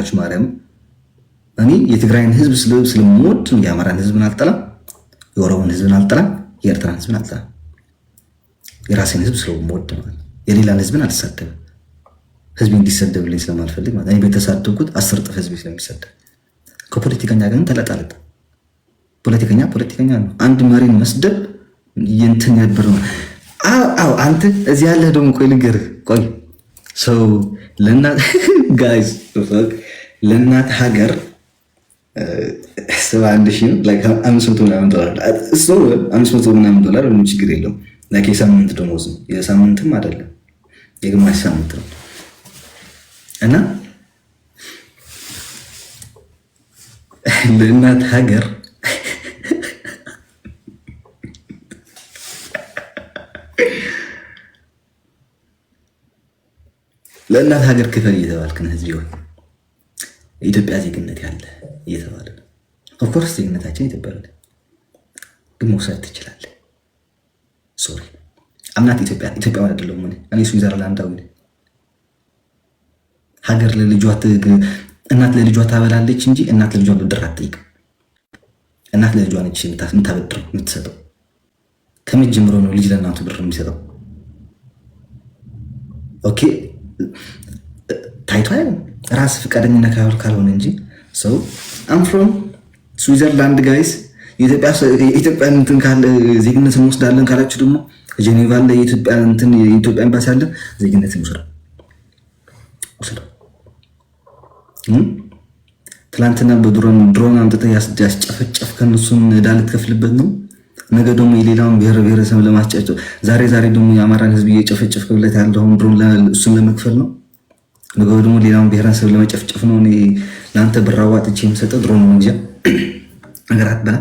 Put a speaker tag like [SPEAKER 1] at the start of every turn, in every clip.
[SPEAKER 1] ታች ማርያም እኔ የትግራይን ህዝብ ስለምወድ የአማራን ህዝብን አልጠላም፣ የኦሮሞን ህዝብን አልጠላም፣ የኤርትራን ህዝብን አልጠላም። የራሴን ህዝብ ስለምወድ ማለት የሌላን ህዝብን አልሳደብም። ህዝብ እንዲሰደብልኝ ስለማልፈልግ ማለት እኔ በተሳደብኩት አስር ጥፍ ህዝብ ስለሚሰደብ ከፖለቲከኛ ግን ተለጣለጥ ፖለቲከኛ ፖለቲከኛ ነው። አንድ መሪን መስደብ እንትን ነበር ነው። አዎ አንተ እዚህ ያለህ ደግሞ ቆይ ልንገርህ፣ ቆይ ሰው ለእናት ጋይስ ለእናት ሀገር ስብ አንድ ሺህ አምስት መቶ ምናምን ዶላር እሱ አምስት መቶ ምናምን ዶላር ምንም ችግር የለው። የሳምንት ደሞዝ ነው። የሳምንትም አይደለም የግማሽ ሳምንት ነው እና ለእናት ሀገር ለእናት ሀገር ክፈል እየተባልክ ነህ እዚህ የኢትዮጵያ ዜግነት ያለ እየተባለ ነው። ኦፍኮርስ ዜግነታችን ኢትዮጵያ ግን መውሰድ ትችላለህ። ሶሪ አምናት ኢትዮጵያ ኢትዮጵያ አይደለሁም እኔ ስዊዘርላንዳዊ ሀገር ለልጇ እናት ለልጇ ታበላለች እንጂ እናት ለልጇ ብድር አትጠይቅም። እናት ለልጇ ነች የምታበድረው የምትሰጠው። ከመቼ ጀምሮ ነው ልጅ ለእናቱ ብር የሚሰጠው? ኦኬ ታይቷ ራስ ፈቃደኝነት ካልሆነ እንጂ ሰው አም ፍሮም ስዊዘርላንድ ጋይስ የኢትዮጵያ እንትን ካለ ዜግነት እንወስዳለን ካላችሁ ደግሞ ጄኔቫ ላይ የኢትዮጵያ እንትን የኢትዮጵያ ኤምባሲ አለ። ዜግነት ይውሰዳል ትላንትና በድሮን ድሮን አምጥተ ያስጨፈጨፍ ከነሱን ዕዳ ልትከፍልበት ነው። ነገ ደግሞ የሌላውን ብሔር ብሔረሰብ ለማስጨፍጨፍ ዛሬ ዛሬ ደግሞ የአማራን ህዝብ እየጨፈጨፍክ ያለውን ድሮን እሱን ለመክፈል ነው። ነገሩ ደግሞ ሌላውን ብሔረሰብ ለመጨፍጨፍ ነው። እኔ ለአንተ ብር አዋጥቼ የምሰጠው ድሮ ነው እንጂ ነገር አትበላ።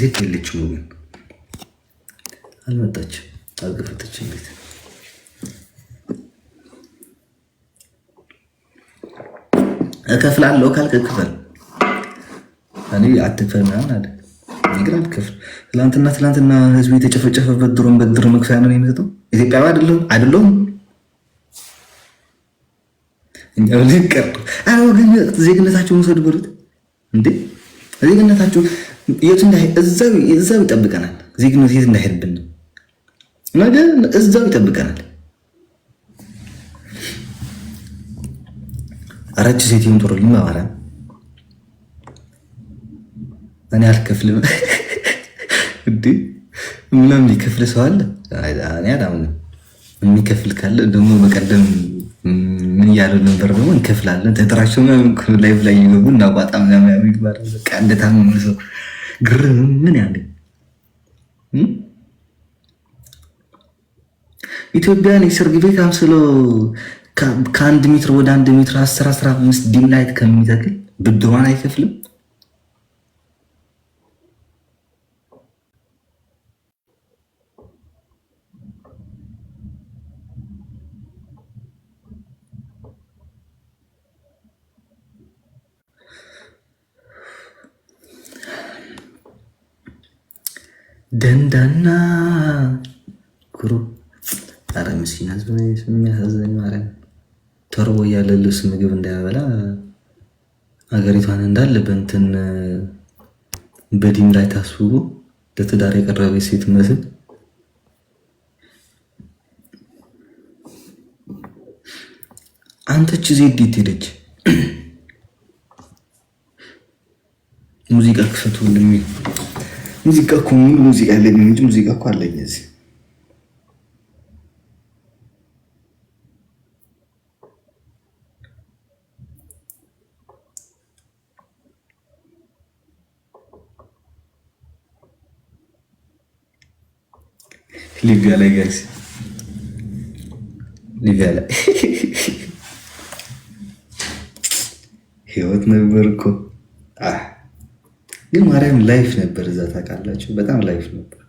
[SPEAKER 1] ዜት የለችም ግን አልመጣች አልገፈተች እንዴት እከፍላለሁ ካልክ ክፈል። እኔ አትክፈል ምናምን አለ ግን አትከፍል። ትላንትና ትላንትና ህዝቡ የተጨፈጨፈበት ድሮን በድሮ መክፈያ ነው የሚሰጠው። ኢትዮጵያዊ አይደለሁም አይደለሁም እኛ ልጅ ቀር አዎ፣ በሉት እንዴ! ዜግነታቸው እንዳይ እዛው እዛው ይጠብቀናል። ዜግነት የት እንዳይሄድብን ነገ እዛው ይጠብቀናል። አራች ሴት ይሁን እኔ አልከፍልም እንዴ ምናምን የሚከፍል ሰው አለ? እኔ አላምንም። የሚከፍል ካለ ደግሞ በቀደም ምን እያለ ነበር ደግሞ እንከፍላለን ተጠራቸው ላይ ላይ ይገቡ እና ቋጣም እንደታመመ ሰው ግርም ምን ያለኝ ኢትዮጵያን የሰርግ ቤት አምስሎ ከአንድ ሜትር ወደ አንድ ሜትር አስር አስራ አምስት ዲም ላይት ከሚተክል ብድሯን አይከፍልም። ደንዳና ኩሩ ኧረ ምስኪና ህዝብ የሚያሳዝነኝ ማርያም ተርቦ እያለ ልብስ ምግብ እንዳያበላ አገሪቷን እንዳለ በእንትን በዲም ላይ ታስቡ ለትዳር የቀረበ ሴት መስል አንተች ዜድ ትሄደች ሙዚቃ ክፈቱ የሚል ሙዚቃ እኮ ሙሉ ሙዚቃ ያለኝ እንጂ ሙዚቃ እኮ አለኝ እዚህ ሊቪያ ላይ ጋይስ ሊቪያ ላይ ህይወት ነበር እኮ ግን ማርያም ላይፍ ነበር እዛ ታውቃላችሁ፣ በጣም ላይፍ ነበር።